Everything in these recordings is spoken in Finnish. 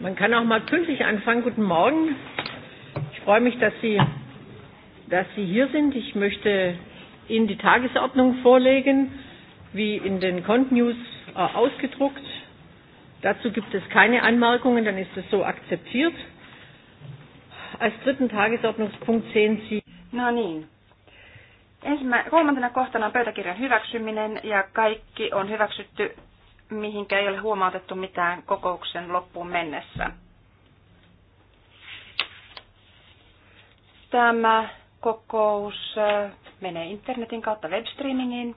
Man kann auch mal pünktlich anfangen. Guten Morgen. Ich freue mich, dass Sie, dass Sie hier sind. Ich möchte Ihnen die Tagesordnung vorlegen, wie in den Kontinues äh, ausgedruckt. Dazu gibt es keine Anmerkungen, dann ist es so akzeptiert. Als dritten Tagesordnungspunkt sehen Sie. No niin. Ensimmä, kolmantena kohtana on pöytäkirjan hyväksyminen ja kaikki on hyväksytty mihinkä ei ole huomautettu mitään kokouksen loppuun mennessä. Tämä kokous äh, menee internetin kautta webstreamingiin.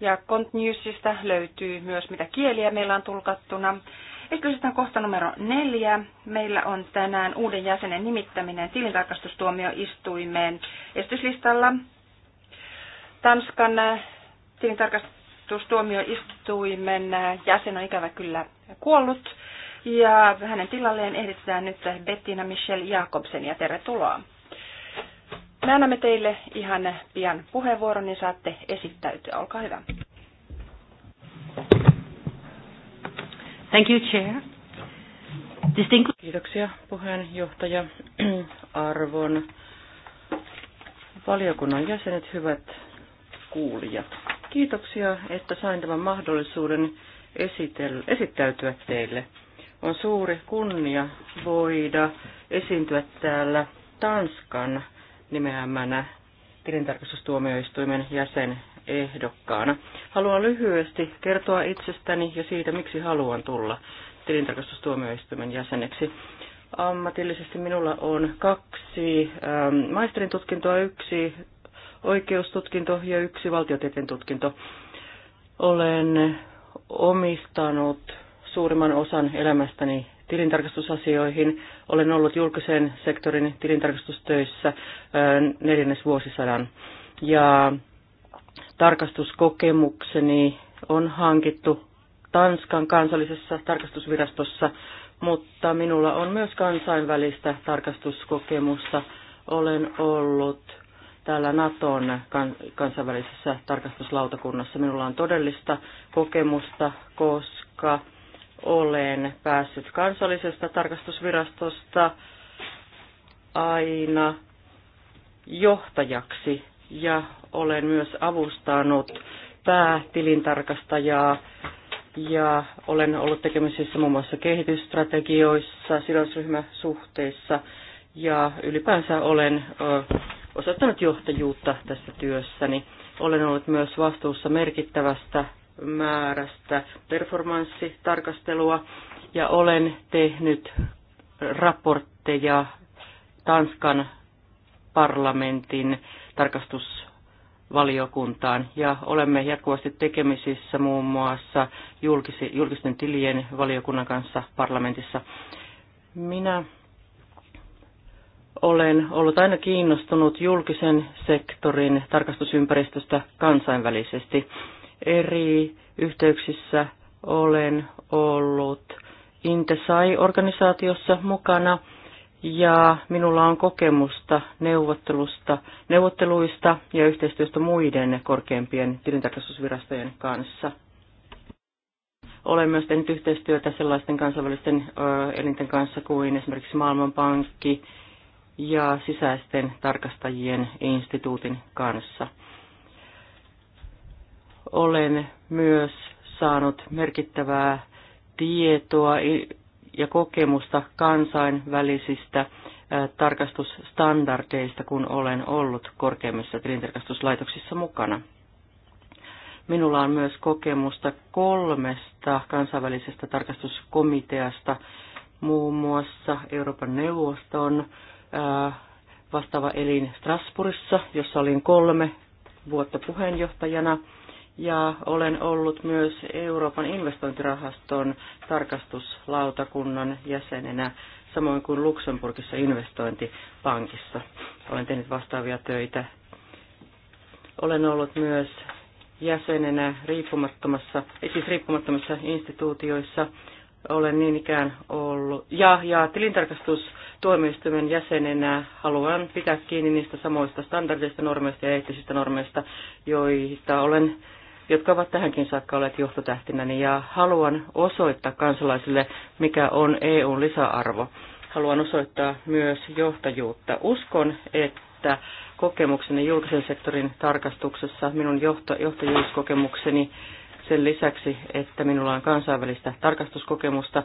Ja Contnewsista löytyy myös mitä kieliä meillä on tulkattuna. Esitetään kohta numero neljä. Meillä on tänään uuden jäsenen nimittäminen tilintarkastustuomioistuimeen esityslistalla. Tanskan äh, tilintarkastus tilintarkastustuomioistuimen jäsen on ikävä kyllä kuollut. Ja hänen tilalleen ehditään nyt Bettina Michelle Jakobsen ja tervetuloa. Me annamme teille ihan pian puheenvuoron, niin saatte esittäytyä. Olkaa hyvä. Thank you, Chair. Distinct... Kiitoksia puheenjohtaja. Arvon valiokunnan jäsenet, hyvät kuulijat. Kiitoksia, että sain tämän mahdollisuuden esitel- esittäytyä teille. On suuri kunnia voida esiintyä täällä Tanskan nimeämänä tilintarkastustuomioistuimen jäsen ehdokkaana. Haluan lyhyesti kertoa itsestäni ja siitä, miksi haluan tulla tilintarkastustuomioistuimen jäseneksi. Ammatillisesti minulla on kaksi ähm, maisterin tutkintoa, yksi oikeustutkinto ja yksi valtiotieteen tutkinto. Olen omistanut suurimman osan elämästäni tilintarkastusasioihin. Olen ollut julkisen sektorin tilintarkastustöissä neljännesvuosisadan. Ja tarkastuskokemukseni on hankittu Tanskan kansallisessa tarkastusvirastossa, mutta minulla on myös kansainvälistä tarkastuskokemusta. Olen ollut täällä Naton kansainvälisessä tarkastuslautakunnassa. Minulla on todellista kokemusta, koska olen päässyt kansallisesta tarkastusvirastosta aina johtajaksi ja olen myös avustanut päätilintarkastajaa ja olen ollut tekemisissä muun muassa kehitysstrategioissa, sidosryhmäsuhteissa ja ylipäänsä olen osoittanut johtajuutta tässä työssäni. Olen ollut myös vastuussa merkittävästä määrästä performanssitarkastelua ja olen tehnyt raportteja Tanskan parlamentin tarkastusvaliokuntaan ja olemme jatkuvasti tekemisissä muun muassa julkisten tilien valiokunnan kanssa parlamentissa. Minä olen ollut aina kiinnostunut julkisen sektorin tarkastusympäristöstä kansainvälisesti. Eri yhteyksissä olen ollut Intesai-organisaatiossa mukana ja minulla on kokemusta neuvottelusta, neuvotteluista ja yhteistyöstä muiden korkeimpien tilintarkastusvirastojen kanssa. Olen myös tehnyt yhteistyötä sellaisten kansainvälisten elinten kanssa kuin esimerkiksi Maailmanpankki, ja sisäisten tarkastajien instituutin kanssa. Olen myös saanut merkittävää tietoa ja kokemusta kansainvälisistä tarkastusstandardeista, kun olen ollut korkeimmissa tilintarkastuslaitoksissa mukana. Minulla on myös kokemusta kolmesta kansainvälisestä tarkastuskomiteasta, muun muassa Euroopan neuvoston vastaava elin Strasbourgissa, jossa olin kolme vuotta puheenjohtajana. Ja olen ollut myös Euroopan investointirahaston tarkastuslautakunnan jäsenenä, samoin kuin Luxemburgissa investointipankissa. Olen tehnyt vastaavia töitä. Olen ollut myös jäsenenä riippumattomassa, siis riippumattomissa instituutioissa, olen niin ikään ollut, ja, ja tilintarkastustuomioistuimen jäsenenä haluan pitää kiinni niistä samoista standardeista, normeista ja eettisistä normeista, joita olen, jotka ovat tähänkin saakka olleet johtotähtinäni, ja haluan osoittaa kansalaisille, mikä on EUn lisäarvo. Haluan osoittaa myös johtajuutta. Uskon, että kokemukseni julkisen sektorin tarkastuksessa, minun johto, johtajuuskokemukseni, sen lisäksi, että minulla on kansainvälistä tarkastuskokemusta.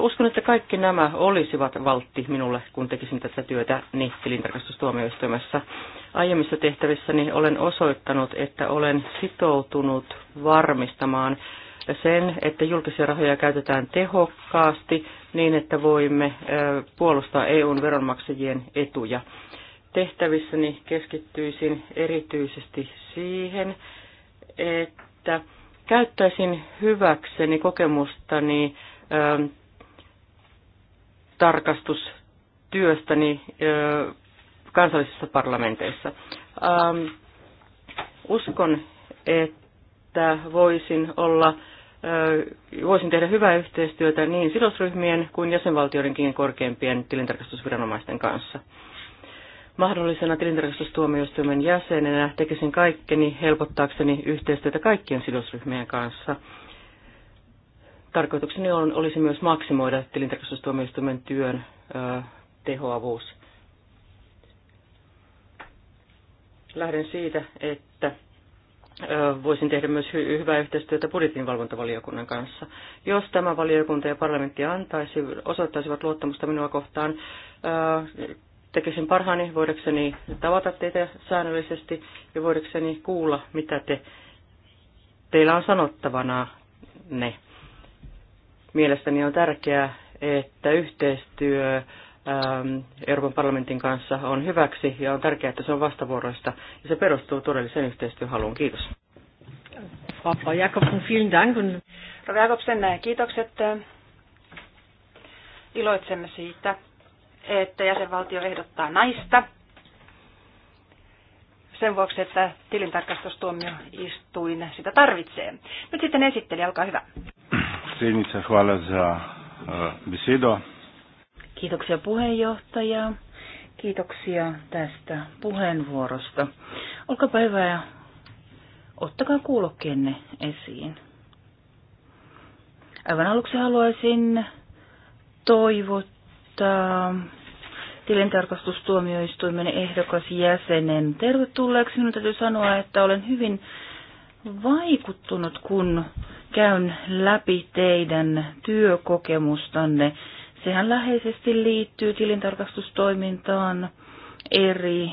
Uskon, että kaikki nämä olisivat valtti minulle, kun tekisin tätä työtä niin tilintarkastustuomioistuimessa. Aiemmissa tehtävissäni olen osoittanut, että olen sitoutunut varmistamaan sen, että julkisia rahoja käytetään tehokkaasti niin, että voimme puolustaa EUn veronmaksajien etuja. Tehtävissäni keskittyisin erityisesti siihen, että Käyttäisin hyväkseni kokemustani ö, tarkastustyöstäni ö, kansallisissa parlamenteissa. Ö, ähm, uskon, että voisin olla voisin tehdä hyvää yhteistyötä niin sidosryhmien kuin jäsenvaltioidenkin korkeimpien tilintarkastusviranomaisten kanssa. Mahdollisena tilintarkastustuomioistuimen jäsenenä tekisin kaikkeni helpottaakseni yhteistyötä kaikkien sidosryhmien kanssa. Tarkoitukseni on, olisi myös maksimoida tilintarkastustuomioistuimen työn ö, tehoavuus. Lähden siitä, että voisin tehdä myös hy- hyvää yhteistyötä budjetinvalvontavaliokunnan kanssa. Jos tämä valiokunta ja parlamentti antaisi, osoittaisivat luottamusta minua kohtaan, tekisin parhaani voidakseni tavata teitä säännöllisesti ja voidakseni kuulla, mitä te, teillä on sanottavana ne. Mielestäni on tärkeää, että yhteistyö ähm, Euroopan parlamentin kanssa on hyväksi ja on tärkeää, että se on vastavuoroista ja se perustuu todelliseen yhteistyöhaluun. Kiitos. Frau Jakobsen, vielen Dank. Frau Jakobsen, äh, kiitokset. Äh, iloitsemme siitä, että jäsenvaltio ehdottaa naista sen vuoksi, että tilintarkastustuomioistuin sitä tarvitsee. Nyt sitten esitteli, olkaa hyvä. Eh, Kiitoksia puheenjohtaja. Kiitoksia tästä puheenvuorosta. Olkaa hyvä ja ottakaa kuulokkeenne esiin. Aivan aluksi haluaisin toivottaa toivottaa ähm, tilintarkastustuomioistuimen ehdokas jäsenen tervetulleeksi. Minun täytyy sanoa, että olen hyvin vaikuttunut, kun käyn läpi teidän työkokemustanne. Sehän läheisesti liittyy tilintarkastustoimintaan eri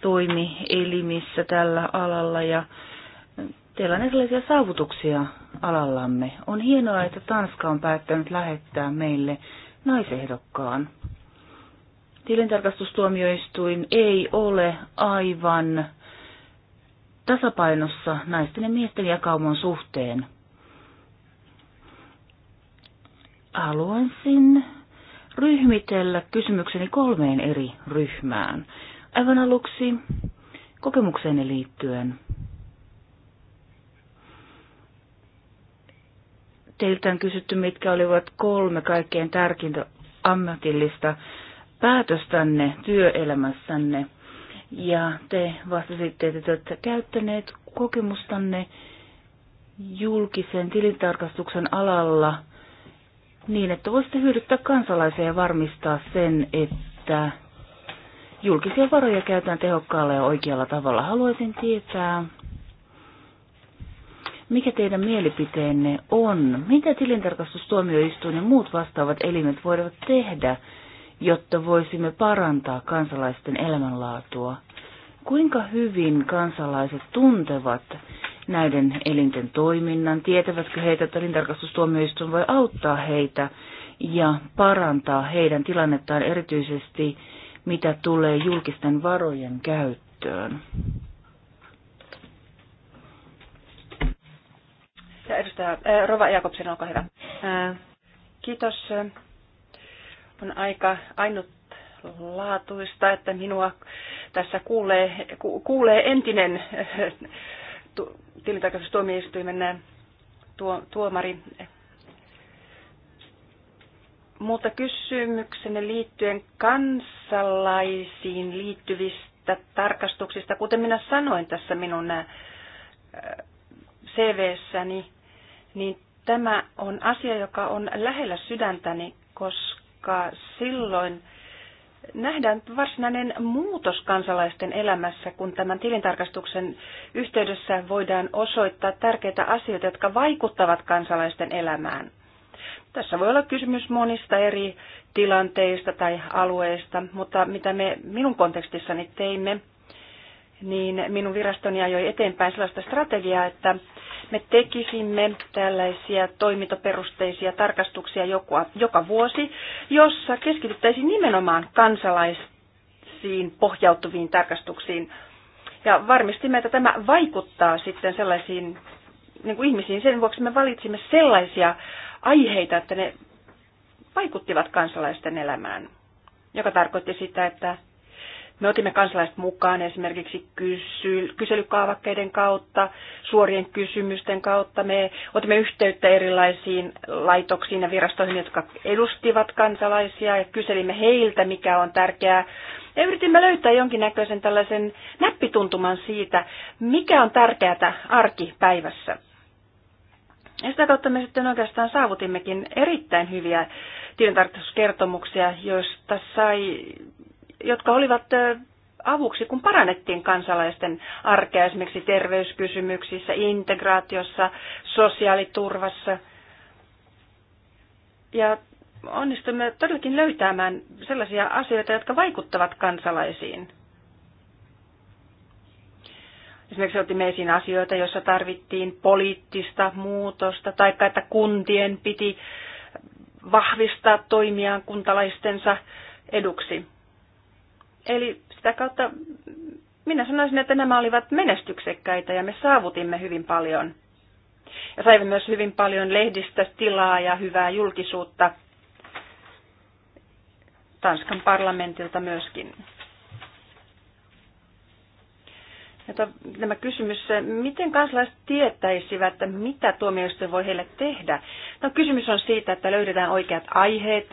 toimielimissä tällä alalla ja teillä on erilaisia saavutuksia alallamme. On hienoa, että Tanska on päättänyt lähettää meille naisehdokkaan. Tilintarkastustuomioistuin ei ole aivan tasapainossa naisten ja miesten jakauman suhteen. Haluaisin ryhmitellä kysymykseni kolmeen eri ryhmään. Aivan aluksi kokemukseeni liittyen – teiltä on kysytty, mitkä olivat kolme kaikkein tärkeintä ammatillista päätöstänne työelämässänne. Ja te vastasitte, että te olette käyttäneet kokemustanne julkisen tilintarkastuksen alalla niin, että voisitte hyödyttää kansalaisia ja varmistaa sen, että julkisia varoja käytetään tehokkaalla ja oikealla tavalla. Haluaisin tietää, mikä teidän mielipiteenne on? Mitä tilintarkastustuomioistuin ja muut vastaavat elimet voivat tehdä, jotta voisimme parantaa kansalaisten elämänlaatua? Kuinka hyvin kansalaiset tuntevat näiden elinten toiminnan? Tietävätkö heitä, että tilintarkastustuomioistuin voi auttaa heitä ja parantaa heidän tilannettaan erityisesti, mitä tulee julkisten varojen käyttöön? Ja edustaja äh, Rova Jakobsen, olkaa hyvä. Äh, kiitos. On aika ainutlaatuista, että minua tässä kuulee, ku, kuulee entinen äh, tu, tilintarkastustuomioistuimen tuomari. Mutta kysymyksenne liittyen kansalaisiin liittyvistä tarkastuksista, kuten minä sanoin tässä minun cv niin niin tämä on asia, joka on lähellä sydäntäni, koska silloin nähdään varsinainen muutos kansalaisten elämässä, kun tämän tilintarkastuksen yhteydessä voidaan osoittaa tärkeitä asioita, jotka vaikuttavat kansalaisten elämään. Tässä voi olla kysymys monista eri tilanteista tai alueista, mutta mitä me minun kontekstissani teimme, niin minun virastoni ajoi eteenpäin sellaista strategiaa, että me tekisimme tällaisia toimintaperusteisia tarkastuksia joka, joka vuosi, jossa keskityttäisiin nimenomaan kansalaisiin pohjautuviin tarkastuksiin. Ja varmistimme, että tämä vaikuttaa sitten sellaisiin niin kuin ihmisiin. Sen vuoksi me valitsimme sellaisia aiheita, että ne vaikuttivat kansalaisten elämään, joka tarkoitti sitä, että me otimme kansalaiset mukaan esimerkiksi kysy- kyselykaavakkeiden kautta, suorien kysymysten kautta. Me otimme yhteyttä erilaisiin laitoksiin ja virastoihin, jotka edustivat kansalaisia ja kyselimme heiltä, mikä on tärkeää. Ja yritimme löytää jonkinnäköisen tällaisen näppituntuman siitä, mikä on tärkeää arkipäivässä. Ja sitä kautta me sitten oikeastaan saavutimmekin erittäin hyviä tilintarkastuskertomuksia, joista sai jotka olivat avuksi, kun parannettiin kansalaisten arkea esimerkiksi terveyskysymyksissä, integraatiossa, sosiaaliturvassa. Ja onnistumme todellakin löytämään sellaisia asioita, jotka vaikuttavat kansalaisiin. Esimerkiksi otimme esiin asioita, joissa tarvittiin poliittista muutosta, tai että kuntien piti vahvistaa toimiaan kuntalaistensa eduksi. Eli sitä kautta minä sanoisin, että nämä olivat menestyksekkäitä ja me saavutimme hyvin paljon. Ja saimme myös hyvin paljon lehdistä tilaa ja hyvää julkisuutta Tanskan parlamentilta myöskin. tämä kysymys, miten kansalaiset tietäisivät, että mitä tuomioistuin voi heille tehdä? No kysymys on siitä, että löydetään oikeat aiheet,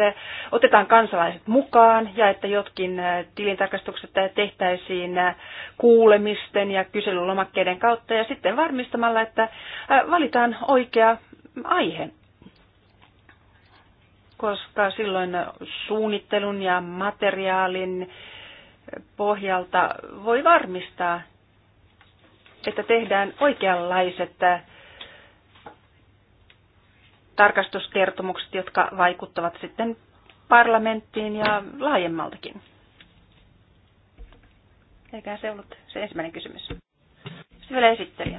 otetaan kansalaiset mukaan ja että jotkin tilintarkastukset tehtäisiin kuulemisten ja kyselylomakkeiden kautta ja sitten varmistamalla, että valitaan oikea aihe koska silloin suunnittelun ja materiaalin pohjalta voi varmistaa, että tehdään oikeanlaiset äh, tarkastuskertomukset, jotka vaikuttavat sitten parlamenttiin ja laajemmaltakin. Eikä se ollut se ensimmäinen kysymys. Sitten esittelijä.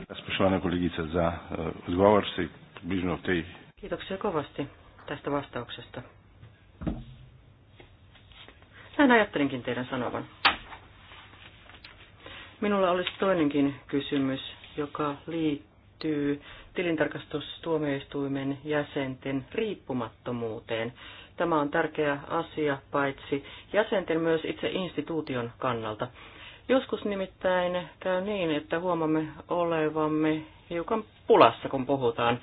Eh, Kiitoksia kovasti tästä vastauksesta. Näin ajattelinkin teidän sanovan. Minulla olisi toinenkin kysymys, joka liittyy tilintarkastustuomioistuimen jäsenten riippumattomuuteen. Tämä on tärkeä asia paitsi jäsenten myös itse instituution kannalta. Joskus nimittäin käy niin, että huomamme olevamme hiukan pulassa, kun puhutaan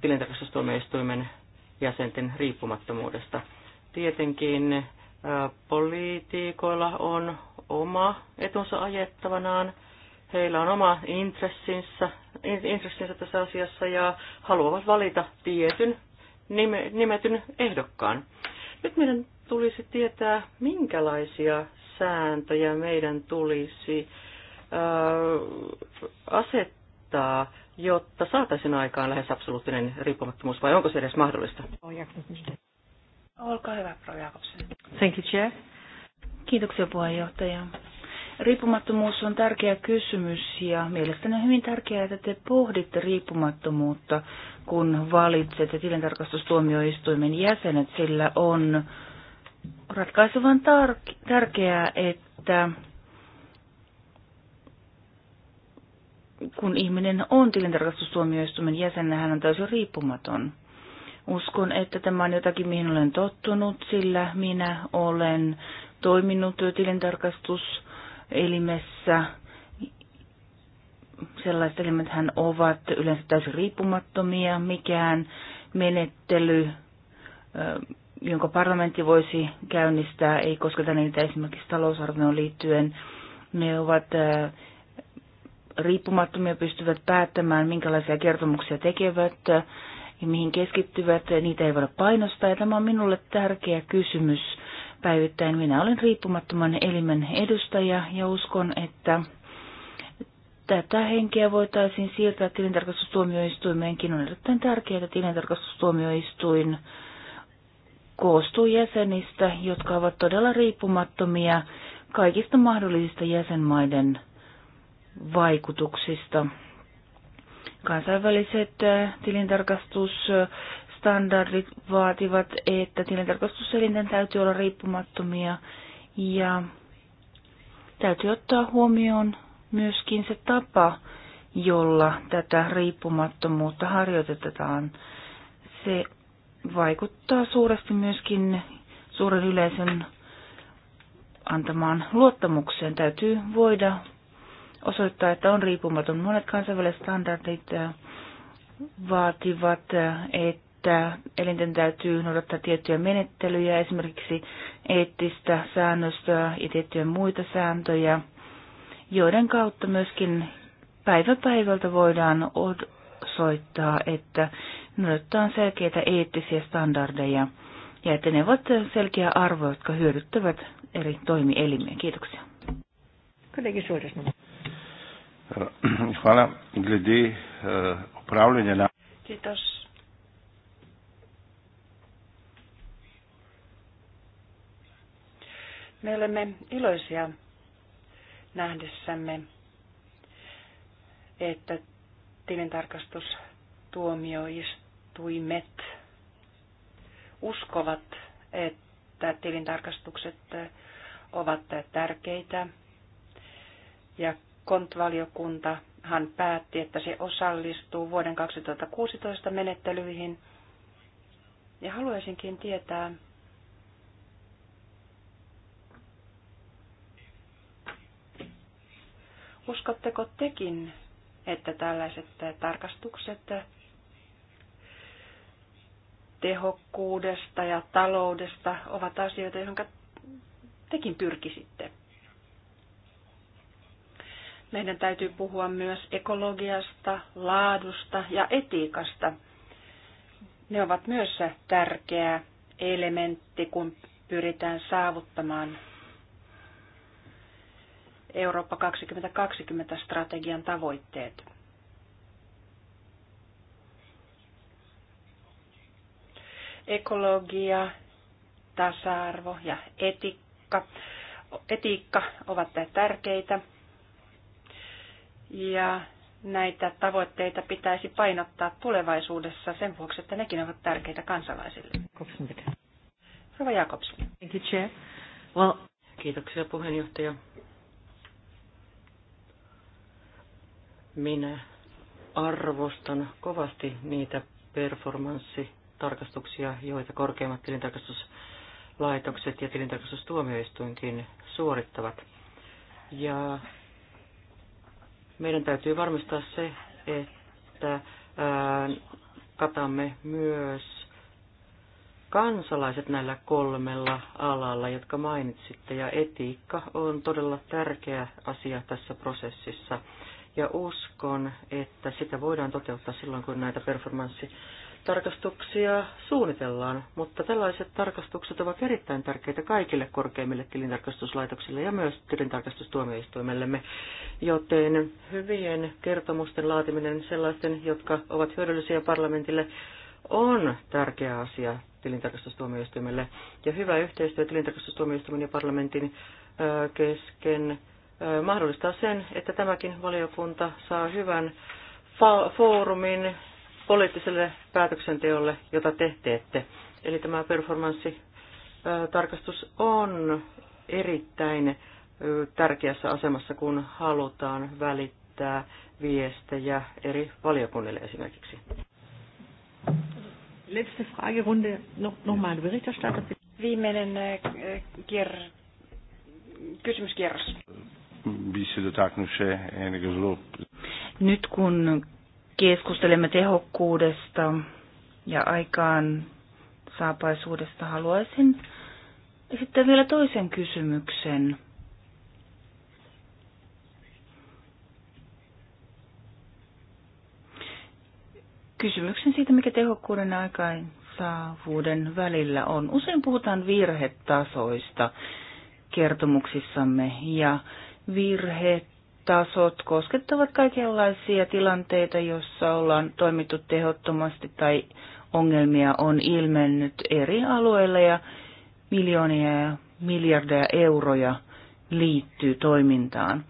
tilintarkastustuomioistuimen jäsenten riippumattomuudesta. Tietenkin poliitikoilla on oma etunsa ajettavanaan. Heillä on oma intressinsä, intressinsä tässä asiassa ja haluavat valita tietyn nime, nimetyn ehdokkaan. Nyt meidän tulisi tietää, minkälaisia sääntöjä meidän tulisi äh, asettaa, jotta saataisiin aikaan lähes absoluuttinen riippumattomuus, vai onko se edes mahdollista? Olkaa hyvä, Pro Jakobsen. Thank you, Chair. Kiitoksia puheenjohtaja. Riippumattomuus on tärkeä kysymys ja mielestäni on hyvin tärkeää, että te pohditte riippumattomuutta, kun valitsette tilintarkastustuomioistuimen jäsenet, sillä on ratkaisevan tar- tärkeää, että kun ihminen on tilintarkastustuomioistuimen jäsen, hän on täysin riippumaton. Uskon, että tämä on jotakin, mihin olen tottunut, sillä minä olen toiminut tilintarkastuselimessä. Sellaiset elimet, hän ovat yleensä täysin riippumattomia, mikään menettely, jonka parlamentti voisi käynnistää, ei kosketa niitä esimerkiksi talousarvioon liittyen. Ne ovat riippumattomia, pystyvät päättämään, minkälaisia kertomuksia tekevät ja mihin keskittyvät. Niitä ei voida painostaa. Ja tämä on minulle tärkeä kysymys päivittäin. Minä olen riippumattoman elimen edustaja ja uskon, että tätä henkeä voitaisiin siirtää tilintarkastustuomioistuimeenkin. On erittäin tärkeää, että tilintarkastustuomioistuin koostuu jäsenistä, jotka ovat todella riippumattomia kaikista mahdollisista jäsenmaiden vaikutuksista. Kansainväliset äh, tilintarkastus standardit vaativat, että tilintarkastuselinten täytyy olla riippumattomia ja täytyy ottaa huomioon myöskin se tapa, jolla tätä riippumattomuutta harjoitetaan. Se vaikuttaa suuresti myöskin suuren yleisön antamaan luottamukseen. Täytyy voida osoittaa, että on riippumaton. Monet kansainväliset standardit vaativat, että että elinten täytyy noudattaa tiettyjä menettelyjä, esimerkiksi eettistä säännöstöä ja tiettyjä muita sääntöjä, joiden kautta myöskin päivä päivältä voidaan osoittaa, että noudattaa selkeitä eettisiä standardeja ja että ne ovat selkeä arvo, jotka hyödyttävät eri toimielimiä. Kiitoksia. Kolegi Hvala. Glede upravljanja eh, Kiitos Me olemme iloisia nähdessämme, että tilintarkastustuomioistuimet uskovat, että tilintarkastukset ovat tärkeitä ja kontvaliokuntahan päätti, että se osallistuu vuoden 2016 menettelyihin. Ja haluaisinkin tietää, Uskotteko tekin, että tällaiset tarkastukset tehokkuudesta ja taloudesta ovat asioita, joihin tekin pyrkisitte? Meidän täytyy puhua myös ekologiasta, laadusta ja etiikasta. Ne ovat myös tärkeä elementti, kun pyritään saavuttamaan Eurooppa 2020 strategian tavoitteet. Ekologia, tasa-arvo ja etiikka, etiikka ovat tärkeitä. Ja näitä tavoitteita pitäisi painottaa tulevaisuudessa sen vuoksi, että nekin ovat tärkeitä kansalaisille. Rova Jakobsen. Thank you, Chair. Well, Kiitoksia puheenjohtaja. Minä arvostan kovasti niitä performanssitarkastuksia, joita korkeimmat tilintarkastuslaitokset ja tilintarkastustuomioistuinkin suorittavat. Ja meidän täytyy varmistaa se, että ää, katamme myös kansalaiset näillä kolmella alalla, jotka mainitsitte, ja etiikka on todella tärkeä asia tässä prosessissa – ja uskon, että sitä voidaan toteuttaa silloin, kun näitä performanssitarkastuksia suunnitellaan, mutta tällaiset tarkastukset ovat erittäin tärkeitä kaikille korkeimmille tilintarkastuslaitoksille ja myös tilintarkastustuomioistuimellemme, joten hyvien kertomusten laatiminen sellaisten, jotka ovat hyödyllisiä parlamentille, on tärkeä asia tilintarkastustuomioistuimelle ja hyvä yhteistyö tilintarkastustuomioistuimen ja parlamentin kesken mahdollistaa sen, että tämäkin valiokunta saa hyvän foorumin poliittiselle päätöksenteolle, jota te teette. Eli tämä performanssitarkastus on erittäin tärkeässä asemassa, kun halutaan välittää viestejä eri valiokunnille esimerkiksi. Letzte Fragerunde, no, Berichterstatter. Viimeinen kier... kysymyskierros. Nyt kun keskustelemme tehokkuudesta ja aikaan saapaisuudesta, haluaisin esittää vielä toisen kysymyksen. Kysymyksen siitä, mikä tehokkuuden aikaan saavuuden välillä on. Usein puhutaan virhetasoista kertomuksissamme ja virhetasot koskettavat kaikenlaisia tilanteita, joissa ollaan toimittu tehottomasti tai ongelmia on ilmennyt eri alueilla ja miljoonia ja miljardeja euroja liittyy toimintaan.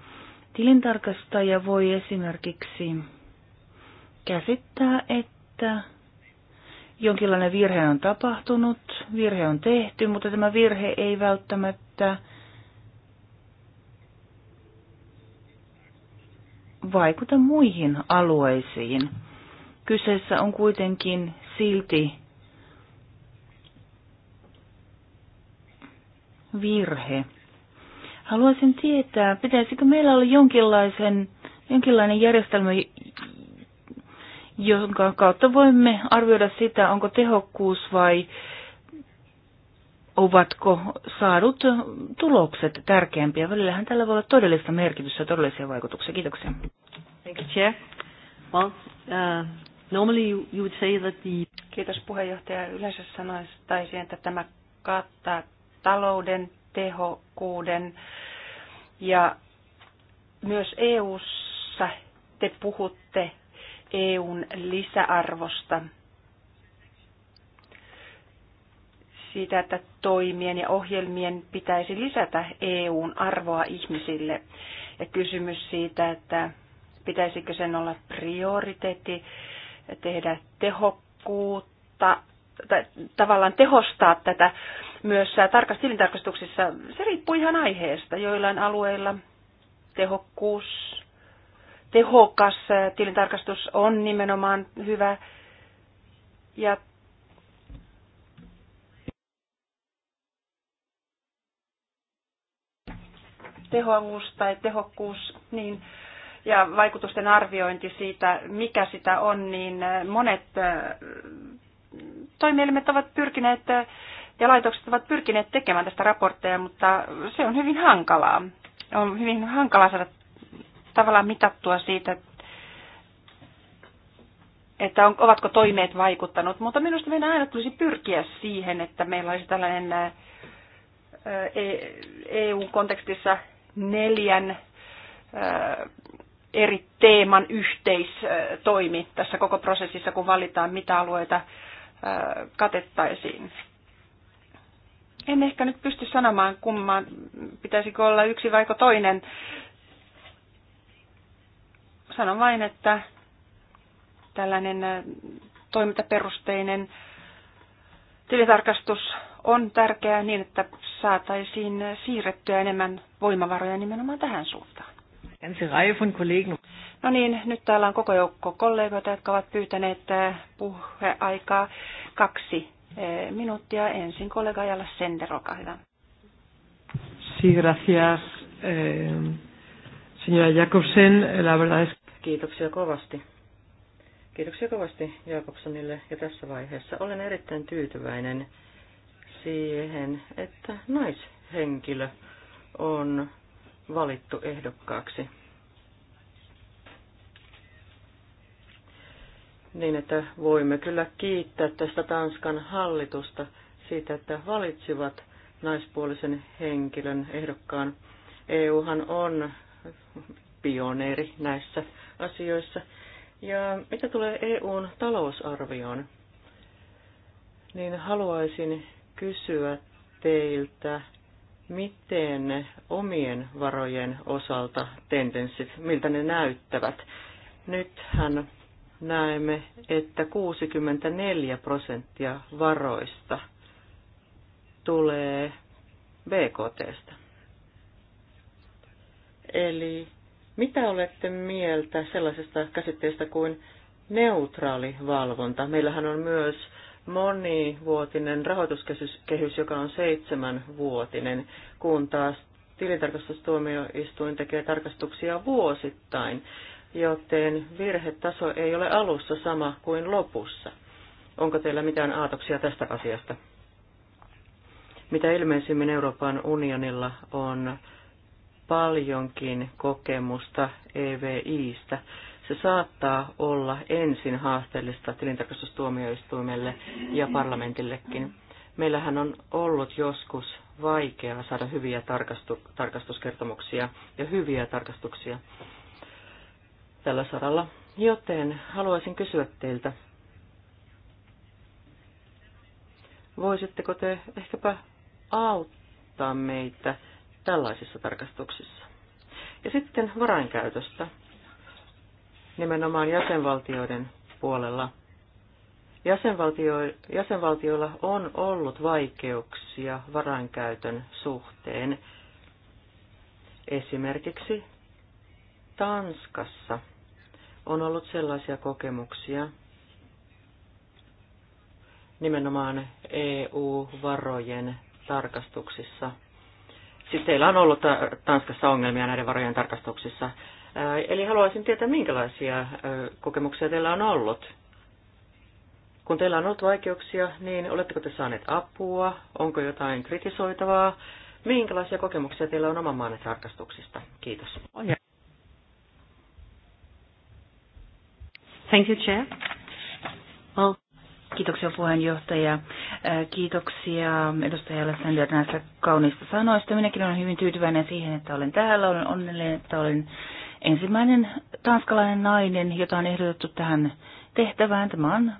Tilintarkastaja voi esimerkiksi käsittää, että jonkinlainen virhe on tapahtunut, virhe on tehty, mutta tämä virhe ei välttämättä vaikuta muihin alueisiin. Kyseessä on kuitenkin silti virhe. Haluaisin tietää, pitäisikö meillä olla jonkinlaisen, jonkinlainen järjestelmä, jonka kautta voimme arvioida sitä, onko tehokkuus vai äh, ovatko saadut tulokset tärkeämpiä. Välillähän tällä voi olla todellista merkitystä ja todellisia vaikutuksia. Kiitoksia. Thank you, Chair. Well, uh, normally you would say that the... Kiitos puheenjohtaja. Yleensä sanoisin, että tämä kattaa talouden, tehokkuuden ja myös EU:ssa te puhutte EUn lisäarvosta – siitä, että toimien ja ohjelmien pitäisi lisätä EUn arvoa ihmisille. Ja kysymys siitä, että pitäisikö sen olla prioriteetti tehdä tehokkuutta, tai tavallaan tehostaa tätä myös tarkastilintarkastuksissa. Se riippuu ihan aiheesta. Joillain alueilla tehokkuus, tehokas tilintarkastus on nimenomaan hyvä ja tehoavuus tai tehokkuus, niin ja vaikutusten arviointi siitä, mikä sitä on, niin äh, monet äh, toimielimet ovat pyrkineet äh, ja laitokset ovat pyrkineet tekemään tästä raportteja, mutta se on hyvin hankalaa. On hyvin hankalaa saada tavallaan mitattua siitä, että on, ovatko toimeet vaikuttanut, mutta minusta meidän aina tulisi pyrkiä siihen, että meillä olisi tällainen EU-kontekstissa e neljän eri teeman yhteistoimi tässä koko prosessissa, kun valitaan, mitä alueita katettaisiin. En ehkä nyt pysty sanomaan, kumman pitäisikö olla yksi vaiko toinen. Sanon vain, että tällainen toimintaperusteinen tilitarkastus on tärkeää niin, että saataisiin siirrettyä enemmän voimavaroja nimenomaan tähän suuntaan. No niin, nyt täällä on koko joukko kollegoita, jotka ovat pyytäneet eh, puheaikaa kaksi eh, minuuttia. Ensin kollega Jalla Sender, olkaa hyvä. Sí, gracias. Eh, señora Jakobsen, la verdad es... Kiitoksia kovasti. Kiitoksia kovasti Jakobsonille ja tässä vaiheessa olen erittäin tyytyväinen siihen, että naishenkilö on valittu ehdokkaaksi. Niin, että voimme kyllä kiittää tästä Tanskan hallitusta siitä, että valitsivat naispuolisen henkilön ehdokkaan. EUhan on pioneeri näissä asioissa. Ja mitä tulee EUn talousarvioon, niin haluaisin kysyä teiltä, miten omien varojen osalta tendenssit, miltä ne näyttävät. Nythän näemme, että 64 prosenttia varoista tulee BKTstä. Eli mitä olette mieltä sellaisesta käsitteestä kuin neutraali valvonta? Meillähän on myös monivuotinen rahoituskehys, joka on seitsemänvuotinen, kun taas tilintarkastustuomioistuin tekee tarkastuksia vuosittain, joten virhetaso ei ole alussa sama kuin lopussa. Onko teillä mitään aatoksia tästä asiasta? Mitä ilmeisimmin Euroopan unionilla on paljonkin kokemusta EVIstä, se saattaa olla ensin haasteellista tilintarkastustuomioistuimelle ja parlamentillekin. Meillähän on ollut joskus vaikeaa saada hyviä tarkastu, tarkastuskertomuksia ja hyviä tarkastuksia tällä saralla. Joten haluaisin kysyä teiltä, voisitteko te ehkäpä auttaa meitä tällaisissa tarkastuksissa? Ja sitten varainkäytöstä nimenomaan jäsenvaltioiden puolella. Jäsenvaltio, jäsenvaltioilla on ollut vaikeuksia varainkäytön suhteen. Esimerkiksi Tanskassa on ollut sellaisia kokemuksia, nimenomaan EU-varojen tarkastuksissa. Sitten siis teillä on ollut Tanskassa ongelmia näiden varojen tarkastuksissa. Eli haluaisin tietää, minkälaisia kokemuksia teillä on ollut. Kun teillä on ollut vaikeuksia, niin oletteko te saaneet apua? Onko jotain kritisoitavaa? Minkälaisia kokemuksia teillä on oman maanne tarkastuksista? Kiitos. Thank you, Chair. Well, Kiitoksia puheenjohtaja. Kiitoksia edustaja Alexander näistä kauniista sanoista. Minäkin olen hyvin tyytyväinen siihen, että olen täällä. Olen onnellinen, että olen ensimmäinen tanskalainen nainen, jota on ehdotettu tähän tehtävään. Tämä on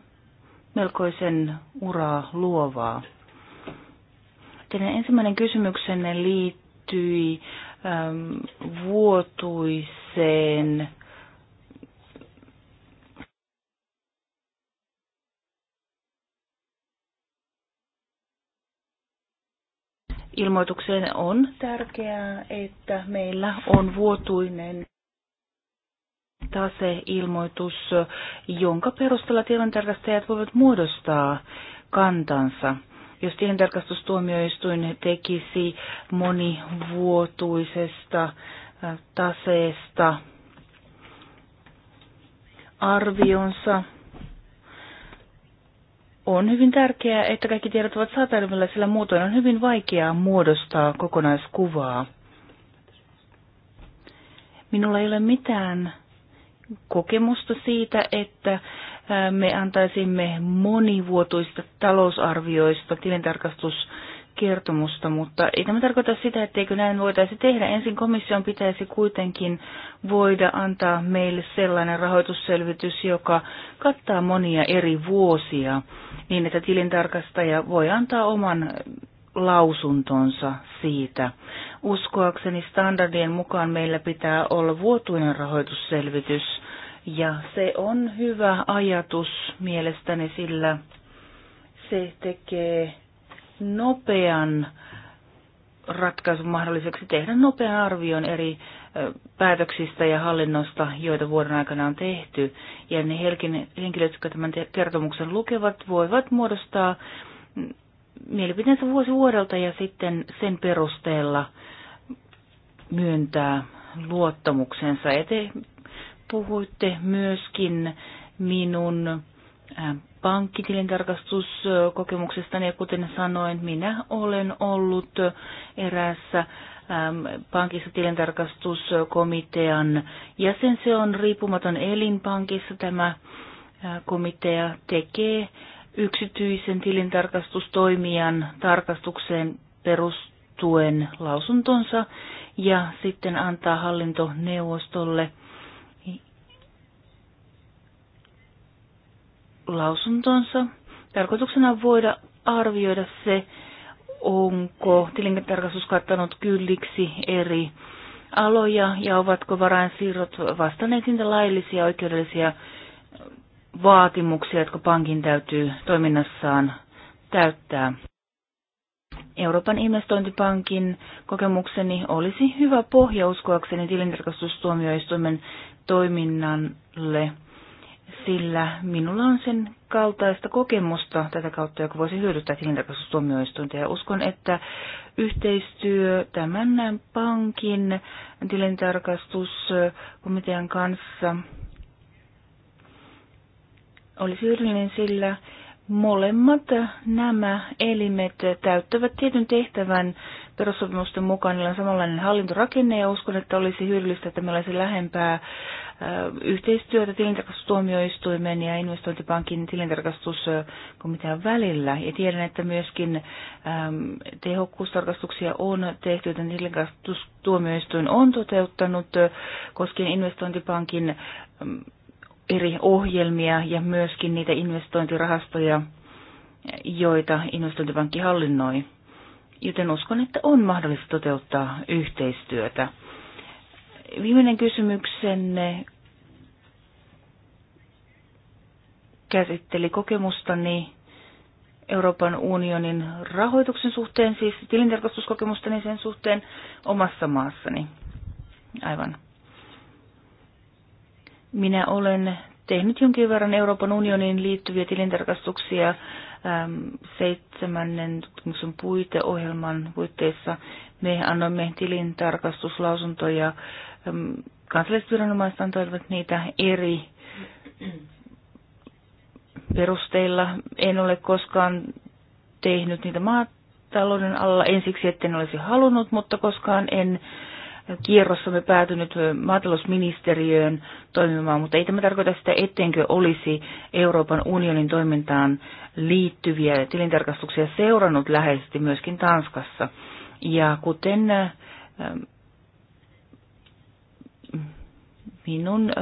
melkoisen uraa luovaa. Teidän ensimmäinen kysymyksenne liittyi äm, vuotuiseen ilmoitukseen on tärkeää, että meillä on vuotuinen taseilmoitus, jonka perusteella tilintarkastajat voivat muodostaa kantansa. Jos tilintarkastustuomioistuin tekisi monivuotuisesta äh, taseesta arvionsa, on hyvin tärkeää, että kaikki tiedot ovat saatavilla, sillä muutoin on hyvin vaikeaa muodostaa kokonaiskuvaa. Minulla ei ole mitään kokemusta siitä, että me antaisimme monivuotuista talousarvioista tilintarkastuskertomusta, mutta ei tämä tarkoita sitä, etteikö näin voitaisiin tehdä. Ensin komission pitäisi kuitenkin voida antaa meille sellainen rahoitusselvitys, joka kattaa monia eri vuosia, niin että tilintarkastaja voi antaa oman lausuntonsa siitä. Uskoakseni standardien mukaan meillä pitää olla vuotuinen rahoitusselvitys, ja se on hyvä ajatus mielestäni, sillä se tekee nopean ratkaisun mahdolliseksi tehdä nopean arvion eri päätöksistä ja hallinnosta, joita vuoden aikana on tehty. Ja ne henkilöt, jotka tämän kertomuksen lukevat, voivat muodostaa mielipiteensä vuosi vuodelta ja sitten sen perusteella myöntää luottamuksensa. Ja te puhuitte myöskin minun äh, pankkitilintarkastuskokemuksestani ja kuten sanoin, minä olen ollut eräässä ähm, pankissa tilintarkastuskomitean jäsen. Se on riippumaton elinpankissa Tämä äh, komitea tekee yksityisen tilintarkastustoimijan tarkastukseen perustuen lausuntonsa ja sitten antaa hallintoneuvostolle lausuntonsa. Tarkoituksena on voida arvioida se, onko tilintarkastus kattanut kylliksi eri aloja ja ovatko varainsiirrot vastanneet niitä laillisia oikeudellisia vaatimuksia, jotka pankin täytyy toiminnassaan täyttää. Euroopan investointipankin kokemukseni olisi hyvä pohja uskoakseni tilintarkastustuomioistuimen toiminnalle, sillä minulla on sen kaltaista kokemusta tätä kautta, joka voisi hyödyttää tilintarkastustuomioistuinta. Ja uskon, että yhteistyö tämän pankin tilintarkastuskomitean kanssa – olisi hyödyllinen, sillä molemmat nämä elimet täyttävät tietyn tehtävän perussopimusten mukaan. Niillä on samanlainen hallintorakenne ja uskon, että olisi hyödyllistä, että meillä olisi lähempää yhteistyötä tilintarkastustuomioistuimen ja investointipankin tilintarkastuskomitean välillä. Ja tiedän, että myöskin äm, tehokkuustarkastuksia on tehty, joten tilintarkastustuomioistuin on toteuttanut koskien investointipankin äm, eri ohjelmia ja myöskin niitä investointirahastoja, joita investointipankki hallinnoi. Joten uskon, että on mahdollista toteuttaa yhteistyötä. Viimeinen kysymyksenne käsitteli kokemustani Euroopan unionin rahoituksen suhteen, siis tilintarkastuskokemustani sen suhteen omassa maassani. Aivan. Minä olen tehnyt jonkin verran Euroopan unioniin liittyviä tilintarkastuksia ähm, seitsemännen tutkimuksen puiteohjelman puitteissa. Me annoimme tilintarkastuslausuntoja, ähm, kansalliset viranomaiset antoivat niitä eri perusteilla. En ole koskaan tehnyt niitä maatalouden alla, ensiksi, etten olisi halunnut, mutta koskaan en kierrossamme päätynyt maatalousministeriöön toimimaan, mutta ei tämä tarkoita sitä, ettenkö olisi Euroopan unionin toimintaan liittyviä tilintarkastuksia seurannut läheisesti myöskin Tanskassa. Ja kuten minun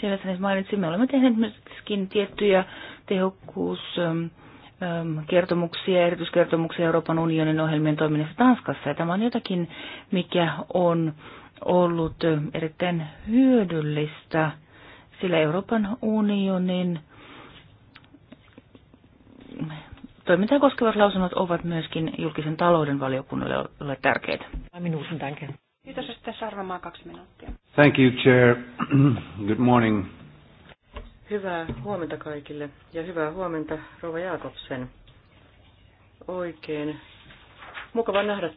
siellä mainitsin, me olemme tehneet myöskin tiettyjä tehokkuus- kertomuksia, erityiskertomuksia Euroopan unionin ohjelmien toiminnasta Tanskassa. Ja tämä on jotakin, mikä on ollut erittäin hyödyllistä, sillä Euroopan unionin toimintaa koskevat lausunnot ovat myöskin julkisen talouden valiokunnalle tärkeitä. Minuutin, Kiitos, että arvomaan kaksi minuuttia. Thank you, Chair. Good morning, Hyvää huomenta kaikille ja hyvää huomenta Rova Jaakobsen. Oikein mukava nähdä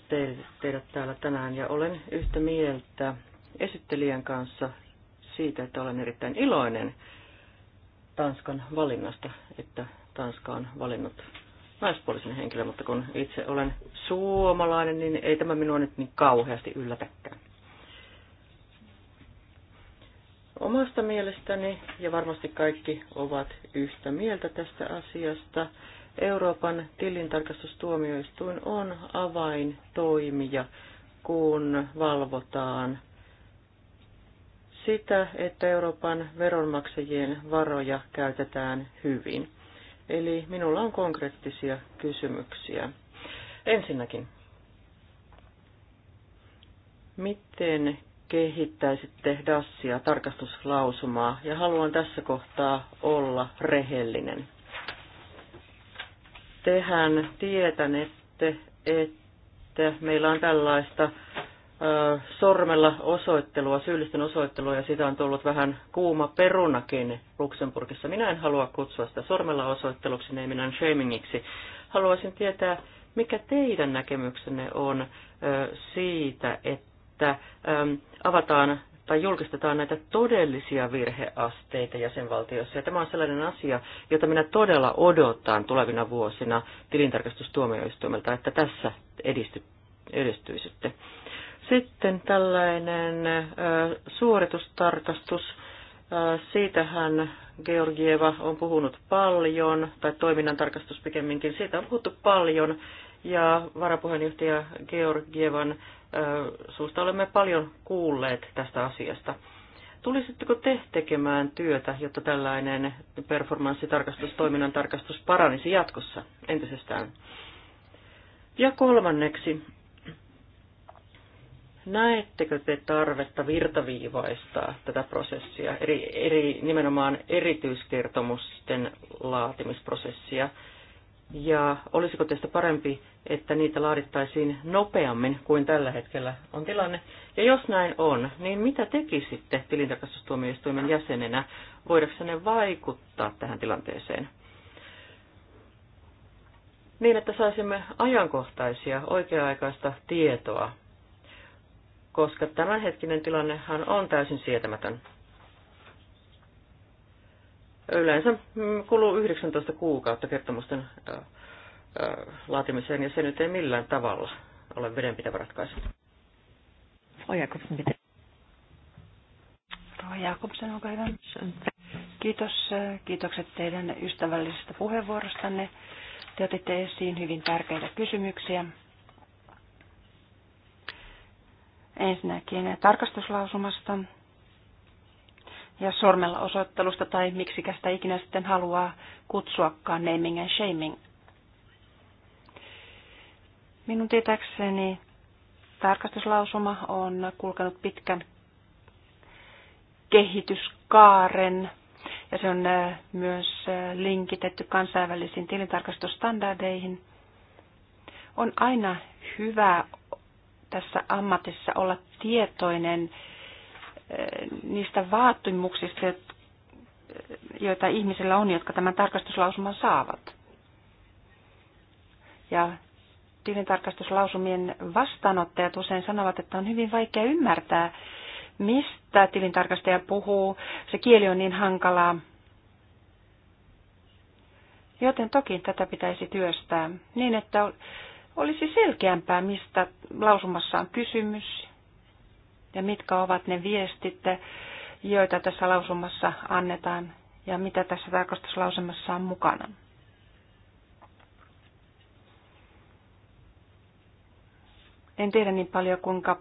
teidät täällä tänään ja olen yhtä mieltä esittelijän kanssa siitä, että olen erittäin iloinen Tanskan valinnasta, että Tanska on valinnut naispuolisen henkilön, mutta kun itse olen suomalainen, niin ei tämä minua nyt niin kauheasti yllätäkään. Omasta mielestäni, ja varmasti kaikki ovat yhtä mieltä tästä asiasta, Euroopan tilintarkastustuomioistuin on avain toimija, kun valvotaan sitä, että Euroopan veronmaksajien varoja käytetään hyvin. Eli minulla on konkreettisia kysymyksiä. Ensinnäkin, miten kehittäisitte DASSia, tarkastuslausumaa, ja haluan tässä kohtaa olla rehellinen. Tehän tietänette, että meillä on tällaista ö, sormella osoittelua, syyllisten osoittelua, ja sitä on tullut vähän kuuma perunakin Luxemburgissa. Minä en halua kutsua sitä sormella osoitteluksi, ei minä shamingiksi. Haluaisin tietää, mikä teidän näkemyksenne on ö, siitä, että että avataan tai julkistetaan näitä todellisia virheasteita jäsenvaltiossa. Ja tämä on sellainen asia, jota minä todella odotan tulevina vuosina tilintarkastustuomioistuimelta, että tässä edisty, edistyisitte. Sitten tällainen suoritustarkastus. Siitähän Georgieva on puhunut paljon, tai toiminnan tarkastus pikemminkin, siitä on puhuttu paljon, ja varapuheenjohtaja Georgievan suusta olemme paljon kuulleet tästä asiasta. Tulisitteko te tekemään työtä, jotta tällainen performanssitarkastus, toiminnan tarkastus paranisi jatkossa entisestään? Ja kolmanneksi, Näettekö te tarvetta virtaviivaistaa tätä prosessia, eri, eri, nimenomaan erityiskertomusten laatimisprosessia? Ja olisiko teistä parempi, että niitä laadittaisiin nopeammin kuin tällä hetkellä on tilanne? Ja jos näin on, niin mitä tekisitte tilintarkastustuomioistuimen jäsenenä? Voidaanko ne vaikuttaa tähän tilanteeseen? Niin, että saisimme ajankohtaisia, oikea-aikaista tietoa koska tämänhetkinen tilannehan on täysin sietämätön. Yleensä mm, kuluu 19 kuukautta kertomusten laatimiseen, ja se nyt ei millään tavalla ole vedenpitävä ratkaisu. Ojakobsen Jakobsen, olkaa hyvä. Kiitos, kiitokset teidän ystävällisestä puheenvuorostanne. Te otitte esiin hyvin tärkeitä kysymyksiä. Ensinnäkin tarkastuslausumasta ja sormella osoittelusta tai miksikä sitä ikinä sitten haluaa kutsuakaan naming and shaming. Minun tietääkseni tarkastuslausuma on kulkenut pitkän kehityskaaren ja se on äh, myös äh, linkitetty kansainvälisiin tilintarkastustandardeihin. On aina hyvä tässä ammatissa olla tietoinen eh, niistä vaatimuksista, joita ihmisillä on, jotka tämän tarkastuslausuman saavat. Ja tilintarkastuslausumien vastaanottajat usein sanovat, että on hyvin vaikea ymmärtää, mistä tilintarkastaja puhuu. Se kieli on niin hankalaa. Joten toki tätä pitäisi työstää niin, että olisi selkeämpää, mistä lausumassa on kysymys ja mitkä ovat ne viestit, joita tässä lausumassa annetaan ja mitä tässä tarkastuslausumassa on mukana. En tiedä niin paljon, kuinka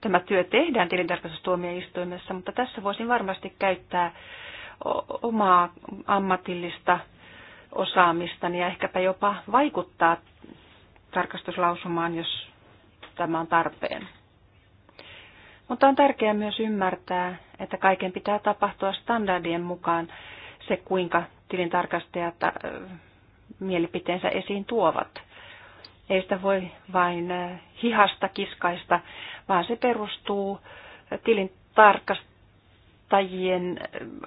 tämä työ tehdään tilintarkastustuomioistuimessa, mutta tässä voisin varmasti käyttää omaa ammatillista osaamista niin ehkäpä jopa vaikuttaa tarkastuslausumaan, jos tämä on tarpeen. Mutta on tärkeää myös ymmärtää, että kaiken pitää tapahtua standardien mukaan se, kuinka tilintarkastajat äh, mielipiteensä esiin tuovat. Ei sitä voi vain äh, hihasta kiskaista, vaan se perustuu tilintarkastajien äh,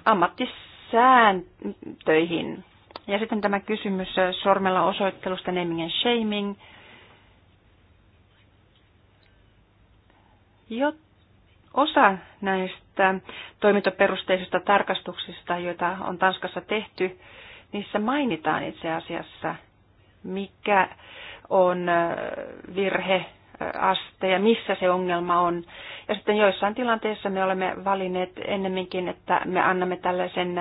ammattisääntöihin, ja sitten tämä kysymys äh, sormella osoittelusta, naming and shaming. Jo, osa näistä toimintaperusteisista tarkastuksista, joita on Tanskassa tehty, niissä mainitaan itse asiassa, mikä on äh, virhe äh, aste ja missä se ongelma on. Ja sitten joissain tilanteissa me olemme valinneet ennemminkin, että me annamme tällaisen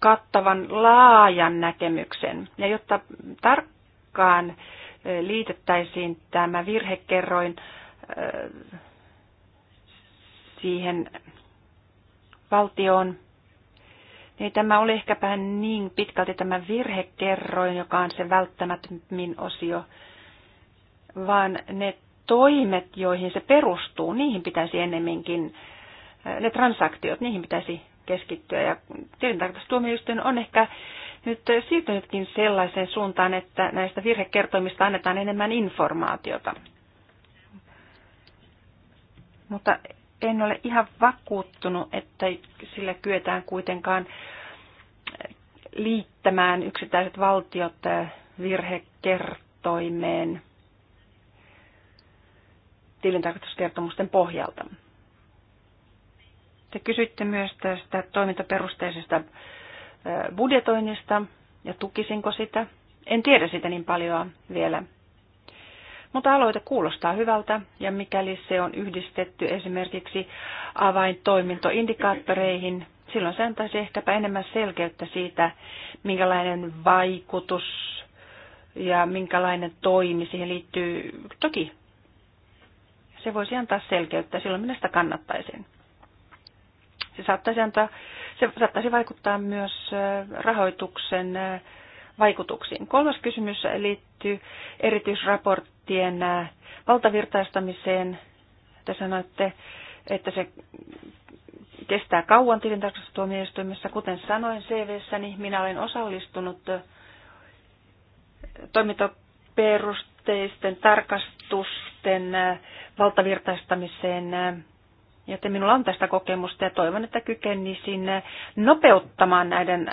kattavan laajan näkemyksen. Ja jotta tarkkaan liitettäisiin tämä virhekerroin siihen valtioon, niin tämä oli ehkäpä niin pitkälti tämä virhekerroin, joka on se välttämättömin osio, vaan ne toimet, joihin se perustuu, niihin pitäisi ennemminkin, ne transaktiot, niihin pitäisi keskittyä. Ja tilintarkastustuomioistuin on ehkä nyt siirtynytkin sellaiseen suuntaan, että näistä virhekertoimista annetaan enemmän informaatiota. Mutta en ole ihan vakuuttunut, että sillä kyetään kuitenkaan liittämään yksittäiset valtiot virhekertoimeen tilintarkastuskertomusten pohjalta. Te kysytte myös tästä toimintaperusteisesta budjetoinnista ja tukisinko sitä. En tiedä sitä niin paljon vielä. Mutta aloite kuulostaa hyvältä ja mikäli se on yhdistetty esimerkiksi avaintoimintoindikaattoreihin, silloin se antaisi ehkäpä enemmän selkeyttä siitä, minkälainen vaikutus ja minkälainen toimi siihen liittyy. Toki se voisi antaa selkeyttä, silloin minä sitä kannattaisin. Se saattaisi, antaa, se saattaisi vaikuttaa myös rahoituksen vaikutuksiin. Kolmas kysymys liittyy erityisraporttien valtavirtaistamiseen. Te sanoitte, että se kestää kauan tilintarkastustuomioistuimessa. Kuten sanoin cv niin minä olen osallistunut toimintaperusteisten tarkastusten valtavirtaistamiseen Joten minulla on tästä kokemusta ja toivon, että kykenisin nopeuttamaan näiden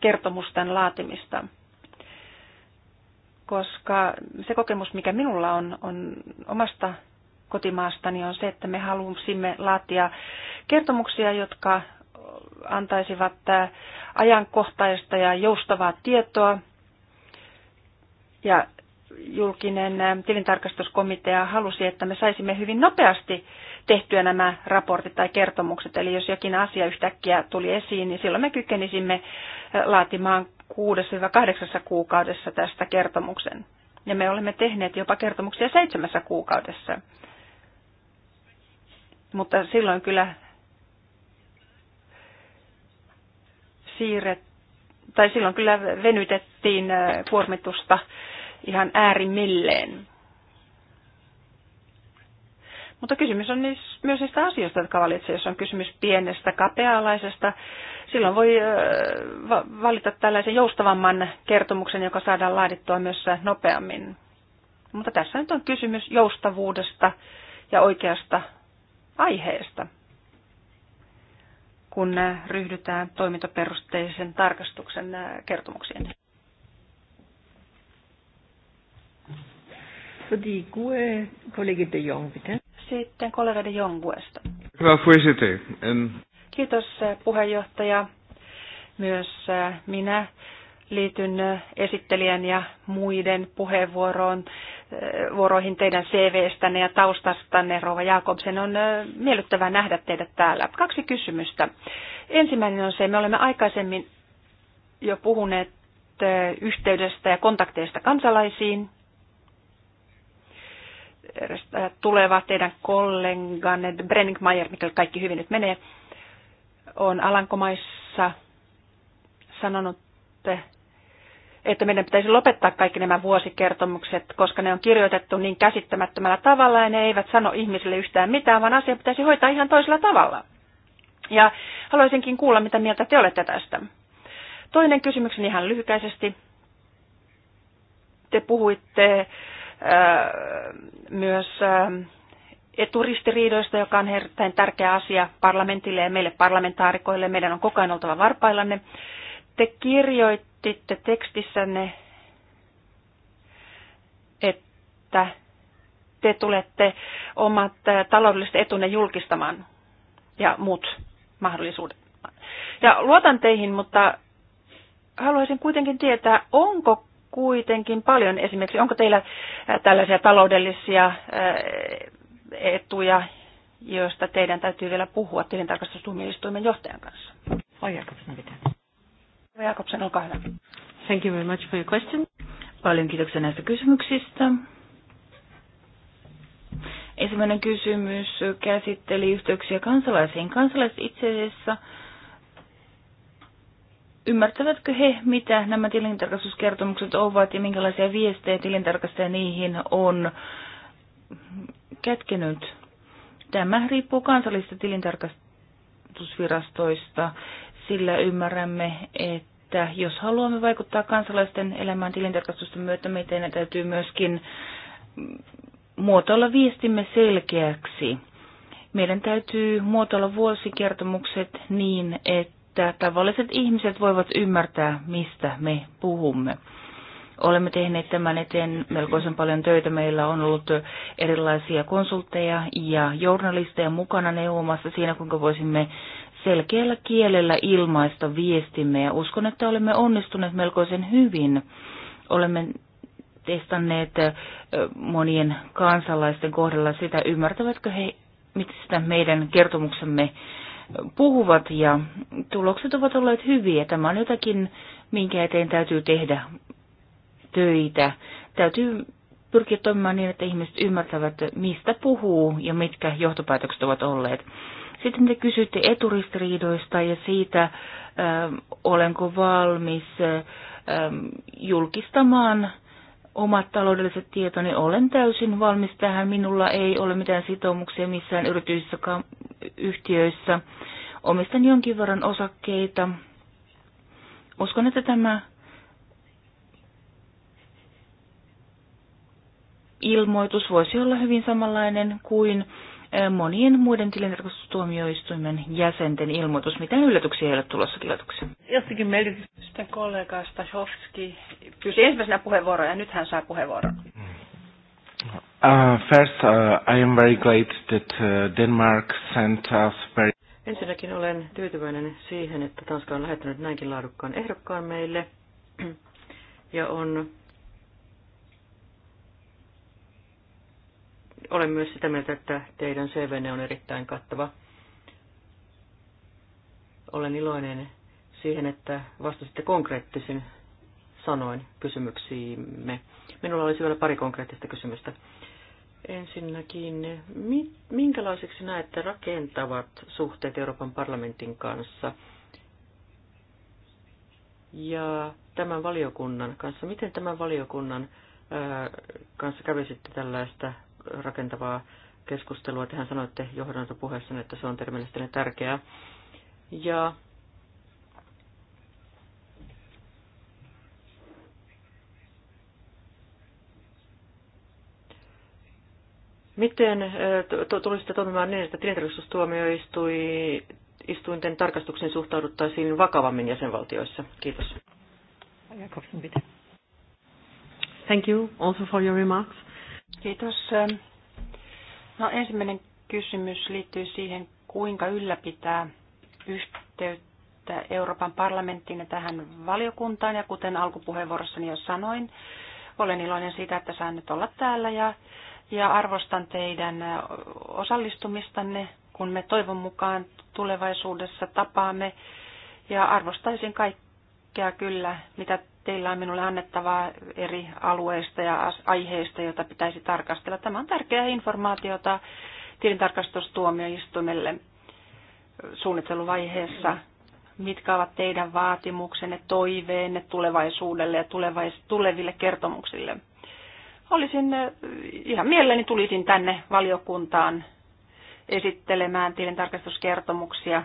kertomusten laatimista. Koska se kokemus, mikä minulla on, on omasta kotimaastani, on se, että me halusimme laatia kertomuksia, jotka antaisivat ajankohtaista ja joustavaa tietoa. Ja julkinen tilintarkastuskomitea halusi, että me saisimme hyvin nopeasti tehtyä nämä raportit tai kertomukset. Eli jos jokin asia yhtäkkiä tuli esiin, niin silloin me kykenisimme laatimaan 6-8 kuukaudessa tästä kertomuksen. Ja me olemme tehneet jopa kertomuksia seitsemässä kuukaudessa. Mutta silloin kyllä siirret, tai silloin kyllä venytettiin kuormitusta ihan äärimmilleen. Mutta kysymys on myös niistä asioista, jotka valitsee. Jos on kysymys pienestä, kapea-alaisesta, silloin voi valita tällaisen joustavamman kertomuksen, joka saadaan laadittua myös nopeammin. Mutta tässä nyt on kysymys joustavuudesta ja oikeasta aiheesta, kun ryhdytään toimintaperusteisen tarkastuksen kertomuksiin. För DIKO, e, kollega de Jong, bitte. Sitten kollegaiden jonkuesta. Hyvä Kiitos eh, puheenjohtaja. Myös eh, minä liityn eh, esittelijän ja muiden puheenvuoroon, vuoroihin teidän CV-stänne ja taustastanne, Rova Jakobsen. On miellyttävää nähdä teidät täällä. Kaksi kysymystä. Ensimmäinen on se, me olemme aikaisemmin jo puhuneet yhteydestä ja kontakteista kansalaisiin, tuleva teidän kolleganne Brenningmeier, mikä kaikki hyvin nyt menee, on Alankomaissa sanonut, että meidän pitäisi lopettaa kaikki nämä vuosikertomukset, koska ne on kirjoitettu niin käsittämättömällä tavalla ja ne eivät sano ihmisille yhtään mitään, vaan asia pitäisi hoitaa ihan toisella tavalla. Ja haluaisinkin kuulla, mitä mieltä te olette tästä. Toinen kysymykseni ihan lyhykäisesti. Te puhuitte myös eturistiriidoista, joka on erittäin tärkeä asia parlamentille ja meille parlamentaarikoille. Meidän on koko ajan oltava varpaillanne. Te kirjoititte tekstissänne, että te tulette omat taloudelliset etunne julkistamaan ja muut mahdollisuudet. Ja luotan teihin, mutta haluaisin kuitenkin tietää, onko kuitenkin paljon. Esimerkiksi onko teillä äh, tällaisia taloudellisia äh, etuja, joista teidän täytyy vielä puhua tilintarkastustuomioistuimen johtajan kanssa? Vai Jakobsen pitää. Jakobsen, olkaa hyvä. Thank you very much for your question. Paljon kiitoksia näistä kysymyksistä. Ensimmäinen kysymys käsitteli yhteyksiä kansalaisiin. Kansalaiset itse asiassa ymmärtävätkö he, mitä nämä tilintarkastuskertomukset ovat ja minkälaisia viestejä tilintarkastaja niihin on kätkenyt. Tämä riippuu kansallisista tilintarkastusvirastoista, sillä ymmärrämme, että jos haluamme vaikuttaa kansalaisten elämään tilintarkastusten myötä, meidän täytyy myöskin muotoilla viestimme selkeäksi. Meidän täytyy muotoilla vuosikertomukset niin, että että tavalliset ihmiset voivat ymmärtää, mistä me puhumme. Olemme tehneet tämän eteen melkoisen paljon töitä. Meillä on ollut erilaisia konsultteja ja journalisteja mukana neuvomassa siinä, kuinka voisimme selkeällä kielellä ilmaista viestimme. Ja uskon, että olemme onnistuneet melkoisen hyvin. Olemme testanneet monien kansalaisten kohdalla sitä, ymmärtävätkö he, mistä meidän kertomuksemme puhuvat ja tulokset ovat olleet hyviä. Tämä on jotakin, minkä eteen täytyy tehdä töitä. Täytyy pyrkiä toimimaan niin, että ihmiset ymmärtävät, mistä puhuu ja mitkä johtopäätökset ovat olleet. Sitten te kysytte eturistiriidoista ja siitä, äh, olenko valmis äh, julkistamaan omat taloudelliset tietoni. Olen täysin valmis tähän. Minulla ei ole mitään sitoumuksia missään yrityksissä, yhtiöissä. Omistan jonkin verran osakkeita. Uskon, että tämä ilmoitus voisi olla hyvin samanlainen kuin monien muiden tilintarkastustuomioistuimen jäsenten ilmoitus. Mitä yllätyksiä ei ole tulossa kiitoksia. Jostakin meidän kollega Stachowski pyysi ensimmäisenä puheenvuoroa ja nyt hän saa puheenvuoron. Mm. Uh, first, uh, I am very glad that uh, Denmark sent us very... Ensinnäkin olen tyytyväinen siihen, että Tanska on lähettänyt näinkin laadukkaan ehdokkaan meille ja on olen myös sitä mieltä, että teidän CVne on erittäin kattava. Olen iloinen siihen, että vastasitte konkreettisin sanoin kysymyksiimme. Minulla olisi vielä pari konkreettista kysymystä. Ensinnäkin, minkälaiseksi näette rakentavat suhteet Euroopan parlamentin kanssa ja tämän valiokunnan kanssa? Miten tämän valiokunnan kanssa kävisitte tällaista rakentavaa keskustelua. Tehän sanoitte johdantopuheessanne, että se on termillisesti tärkeää. Ja Miten tulisitte toimimaan niin, että tilintarkastustuomioistuinten tarkastuksen suhtauduttaisiin vakavammin jäsenvaltioissa? Kiitos. Thank you also for your remarks. Kiitos. No, ensimmäinen kysymys liittyy siihen, kuinka ylläpitää yhteyttä Euroopan parlamenttiin ja tähän valiokuntaan. Ja kuten alkupuheenvuorossani jo sanoin, olen iloinen siitä, että saan nyt olla täällä ja, ja arvostan teidän osallistumistanne, kun me toivon mukaan tulevaisuudessa tapaamme. Ja arvostaisin kaikki kaikkea kyllä, mitä teillä on minulle annettavaa eri alueista ja aiheista, joita pitäisi tarkastella. Tämä on tärkeää informaatiota tilintarkastustuomioistuimelle suunnitteluvaiheessa. Mitkä ovat teidän vaatimuksenne, toiveenne tulevaisuudelle ja tulevais- tuleville kertomuksille? Olisin, ihan mielelläni tulisin tänne valiokuntaan esittelemään tilintarkastuskertomuksia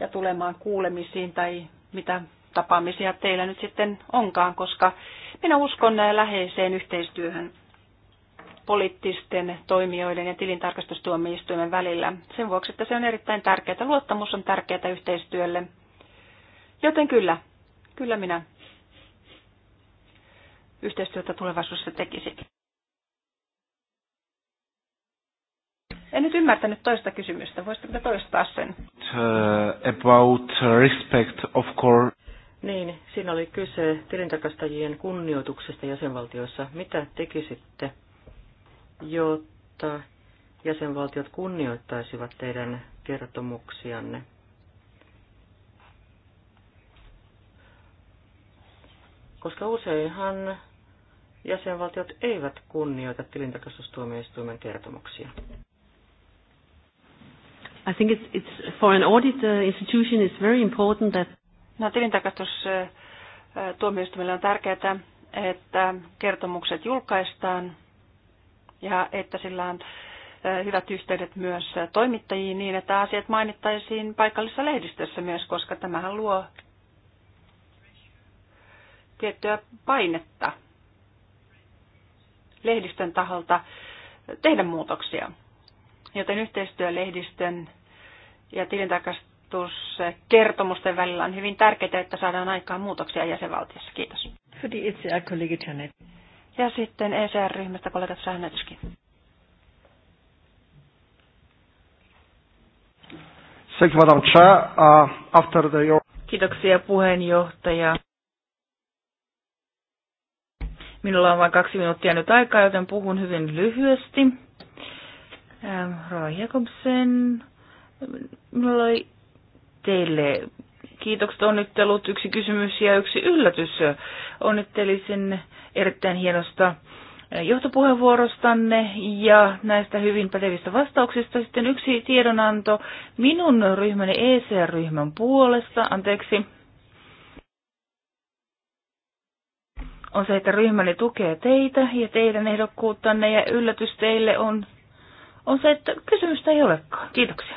ja tulemaan kuulemisiin tai mitä tapaamisia teillä nyt sitten onkaan, koska minä uskon läheiseen yhteistyöhön poliittisten toimijoiden ja tilintarkastustuomioistuimen välillä. Sen vuoksi, että se on erittäin tärkeää. Luottamus on tärkeää yhteistyölle. Joten kyllä, kyllä minä yhteistyötä tulevaisuudessa tekisin. En nyt ymmärtänyt toista kysymystä. Voisitteko toistaa sen? Uh, about respect, of course. Niin, siinä oli kyse tilintarkastajien kunnioituksesta jäsenvaltioissa. Mitä tekisitte, jotta jäsenvaltiot kunnioittaisivat teidän kertomuksianne? Koska useinhan jäsenvaltiot eivät kunnioita tilintarkastustuomioistuimen kertomuksia. I think it's, it's for an audit uh, institution it's very important that No tilintarkastus uh, uh, tuomioistuimelle on tärkeää, että kertomukset julkaistaan ja että sillä on hyvät yhteydet myös toimittajiin niin, että asiat mainittaisiin paikallisessa lehdistössä myös, koska tämähän luo tiettyä painetta lehdistön taholta tehdä muutoksia. Joten yhteistyö lehdistön ja tilintarkastuskertomusten välillä on hyvin tärkeää, että saadaan aikaan muutoksia jäsenvaltiossa. Kiitos. Ja sitten ECR-ryhmästä kollega Sahnetskin. Madam uh, after the... Kiitoksia puheenjohtaja. Minulla on vain kaksi minuuttia nyt aikaa, joten puhun hyvin lyhyesti. Ähm, Roy Jakobsen, minulla oli teille kiitokset, onnittelut, yksi kysymys ja yksi yllätys. Onnittelisin erittäin hienosta äh, johtopuheenvuorostanne ja näistä hyvin pätevistä vastauksista. Sitten yksi tiedonanto minun ryhmäni ECR-ryhmän puolesta, anteeksi, on se, että ryhmäni tukee teitä ja teidän ehdokkuuttanne ja yllätys teille on on se, että kysymystä ei olekaan. Kiitoksia.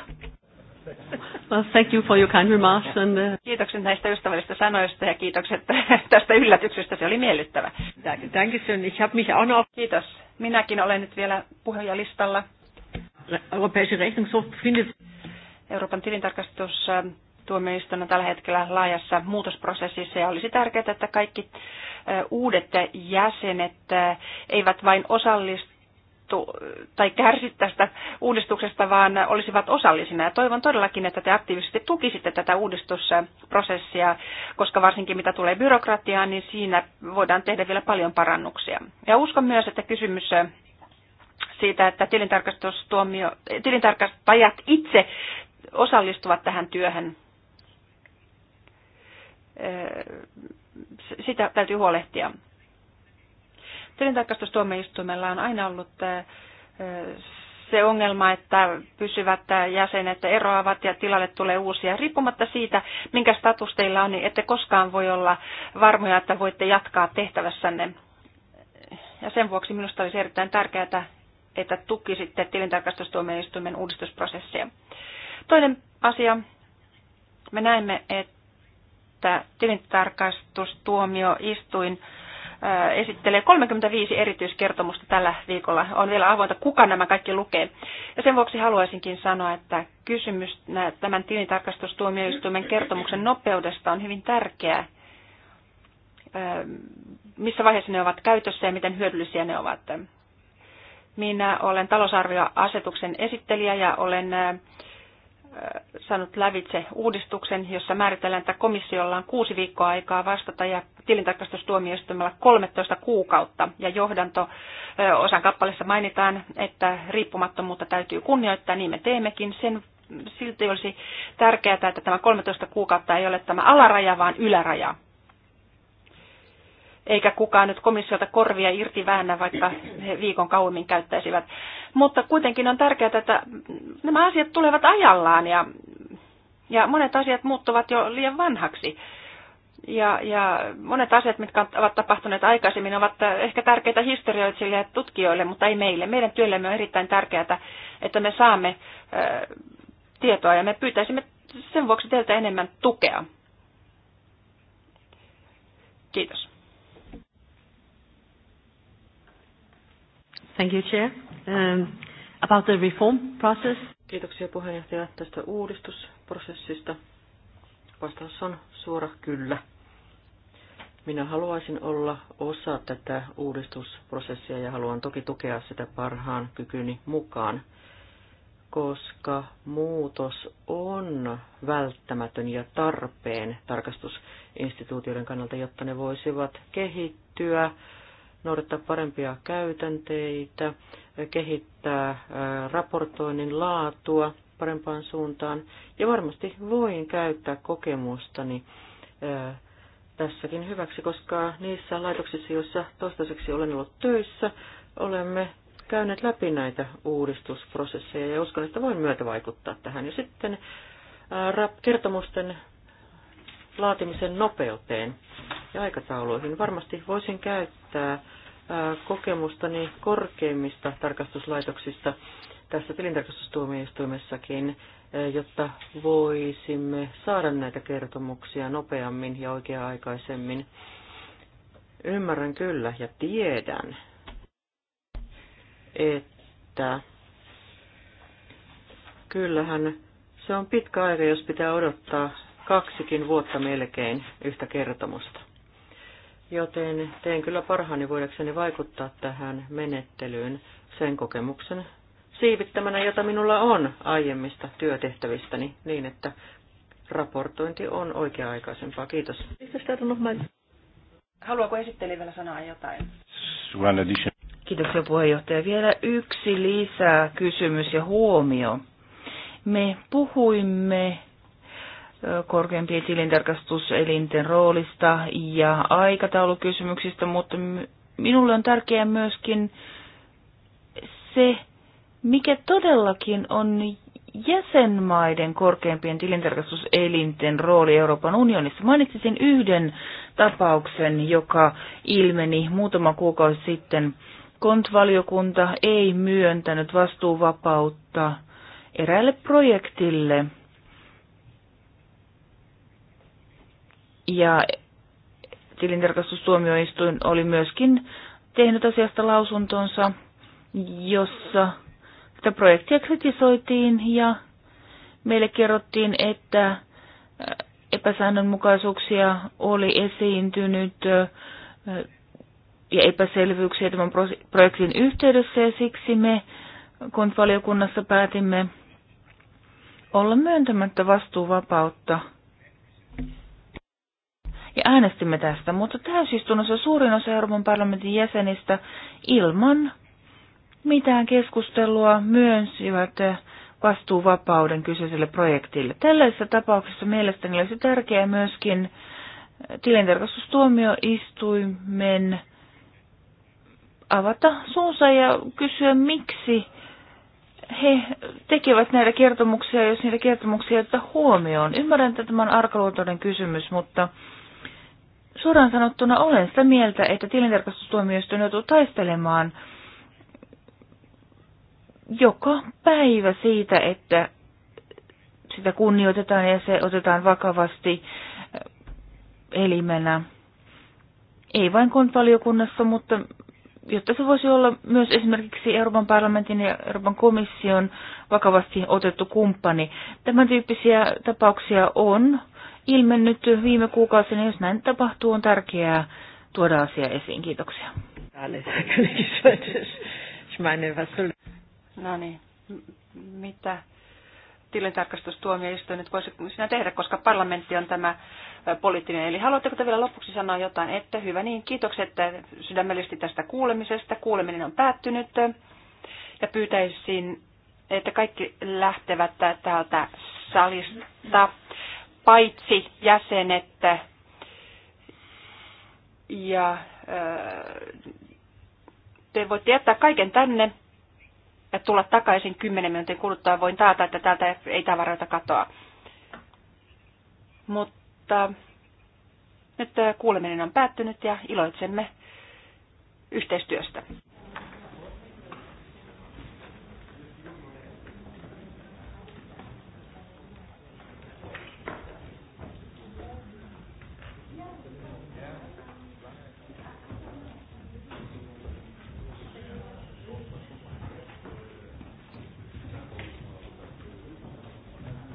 Well, thank you for your kind remarks. And, uh... Kiitokset näistä ystävällisistä sanoista ja kiitokset tästä yllätyksestä. Se oli miellyttävä. you, Ich habe mich auch noch... Kiitos. Minäkin olen nyt vielä puheenjohtajalistalla. Euroopan tilintarkastus tuomioistuin on tällä hetkellä laajassa muutosprosessissa ja olisi tärkeää, että kaikki uudet jäsenet eivät vain osallistu tu- tai kärsi tästä uudistuksesta, vaan olisivat osallisina. Ja toivon todellakin, että te aktiivisesti tukisitte tätä uudistusprosessia, koska varsinkin mitä tulee byrokratiaan, niin siinä voidaan tehdä vielä paljon parannuksia. Ja uskon myös, että kysymys siitä, että tilintarkastustuomio, tilintarkastajat itse osallistuvat tähän työhön, sitä täytyy huolehtia. Tilintarkastustuomioistuimella on aina ollut eh, eh, se ongelma, että pysyvät eh, jäsenet eroavat ja tilalle tulee uusia. Riippumatta siitä, minkä status teillä on, niin ette koskaan voi olla varmoja, että voitte jatkaa tehtävässänne. Ja sen vuoksi minusta olisi erittäin tärkeää, että tukisitte tilintarkastustuomioistuimen uudistusprosessia. Toinen asia. Me näemme, että tilintarkastustuomioistuin istuin esittelee 35 erityiskertomusta tällä viikolla. On vielä avointa, kuka nämä kaikki lukee. Ja sen vuoksi haluaisinkin sanoa, että kysymys tämän tilintarkastustuomioistuimen kertomuksen nopeudesta on hyvin tärkeää. Missä vaiheessa ne ovat käytössä ja miten hyödyllisiä ne ovat. Minä olen talousarvioasetuksen esittelijä ja olen saanut lävitse uudistuksen, jossa määritellään, että komissiolla on kuusi viikkoa aikaa vastata ja tilintarkastustuomioistuimella 13 kuukautta. Ja johdanto osan kappaleessa mainitaan, että riippumattomuutta täytyy kunnioittaa, niin me teemmekin. Sen silti olisi tärkeää, että tämä 13 kuukautta ei ole tämä alaraja, vaan yläraja eikä kukaan nyt komissiolta korvia irti väännä, vaikka he viikon kauemmin käyttäisivät. Mutta kuitenkin on tärkeää, että nämä asiat tulevat ajallaan ja, ja monet asiat muuttuvat jo liian vanhaksi. Ja, ja monet asiat, mitkä ovat tapahtuneet aikaisemmin, ovat ehkä tärkeitä historioitsille ja tutkijoille, mutta ei meille. Meidän työllemme on erittäin tärkeää, että me saamme ö, tietoa ja me pyytäisimme sen vuoksi teiltä enemmän tukea. Kiitos. Thank you, Chair. Um, about the reform process. Kiitoksia puheenjohtaja tästä uudistusprosessista. Vastaus on suora kyllä. Minä haluaisin olla osa tätä uudistusprosessia ja haluan toki tukea sitä parhaan kykyni mukaan, koska muutos on välttämätön ja tarpeen tarkastusinstituutioiden kannalta, jotta ne voisivat kehittyä noudattaa parempia käytänteitä, kehittää äh, raportoinnin laatua parempaan suuntaan ja varmasti voin käyttää kokemustani äh, tässäkin hyväksi, koska niissä laitoksissa, joissa toistaiseksi olen ollut töissä, olemme käyneet läpi näitä uudistusprosesseja ja uskon, että voin myötä vaikuttaa tähän. Ja sitten äh, kertomusten laatimisen nopeuteen ja aikatauluihin. Varmasti voisin käyttää kokemustani korkeimmista tarkastuslaitoksista tässä tilintarkastustuomioistuimessakin, jotta voisimme saada näitä kertomuksia nopeammin ja oikea-aikaisemmin. Ymmärrän kyllä ja tiedän, että kyllähän se on pitkä aika, jos pitää odottaa kaksikin vuotta melkein yhtä kertomusta joten teen kyllä parhaani voidakseni vaikuttaa tähän menettelyyn sen kokemuksen siivittämänä, jota minulla on aiemmista työtehtävistäni, niin että raportointi on oikea-aikaisempaa. Kiitos. Haluaako esitteli vielä sanoa jotain? jo puheenjohtaja. Vielä yksi lisää kysymys ja huomio. Me puhuimme korkeampien tilintarkastuselinten roolista ja aikataulukysymyksistä, mutta minulle on tärkeää myöskin se, mikä todellakin on jäsenmaiden korkeampien tilintarkastuselinten rooli Euroopan unionissa. Mainitsisin yhden tapauksen, joka ilmeni muutama kuukausi sitten. Kontvaliokunta ei myöntänyt vastuuvapautta eräälle projektille – ja tilintarkastustuomioistuin oli myöskin tehnyt asiasta lausuntonsa, jossa tätä projektia kritisoitiin ja meille kerrottiin, että äh, epäsäännönmukaisuuksia oli esiintynyt äh, ja epäselvyyksiä tämän projektin yhteydessä ja siksi me valiokunnassa päätimme olla myöntämättä vastuuvapautta – ja äänestimme tästä, mutta täysistunnossa suurin osa Euroopan parlamentin jäsenistä ilman mitään keskustelua myönsivät vastuuvapauden kyseiselle projektille. Tällaisessa tapauksessa mielestäni olisi tärkeää myöskin tilintarkastustuomioistuimen avata suunsa ja kysyä, miksi he tekevät näitä kertomuksia, jos niitä kertomuksia ottaa huomioon. Ymmärrän, että tämä on arkaluontoinen kysymys, mutta Suoraan sanottuna olen sitä mieltä, että tilintarkastustuomioistuin joutuu taistelemaan joka päivä siitä, että sitä kunnioitetaan ja se otetaan vakavasti elimenä. Ei vain kontvaliokunnassa, mutta jotta se voisi olla myös esimerkiksi Euroopan parlamentin ja Euroopan komission vakavasti otettu kumppani. Tämän tyyppisiä tapauksia on ilmennyt viime kuukausina. Jos näin tapahtuu, on tärkeää tuoda asia esiin. Kiitoksia. No niin, mitä tilintarkastustuomioistuin nyt voisi sinä tehdä, koska parlamentti on tämä poliittinen. Eli haluatteko te vielä lopuksi sanoa jotain? Että hyvä niin, kiitokset sydämellisesti tästä kuulemisesta. Kuuleminen on päättynyt ja pyytäisin, että kaikki lähtevät täältä salista paitsi jäsenet ja te voitte jättää kaiken tänne ja tulla takaisin 10 minuutin kuluttua. Voin taata, että täältä ei tavaroita katoa. Mutta nyt kuuleminen on päättynyt ja iloitsemme yhteistyöstä.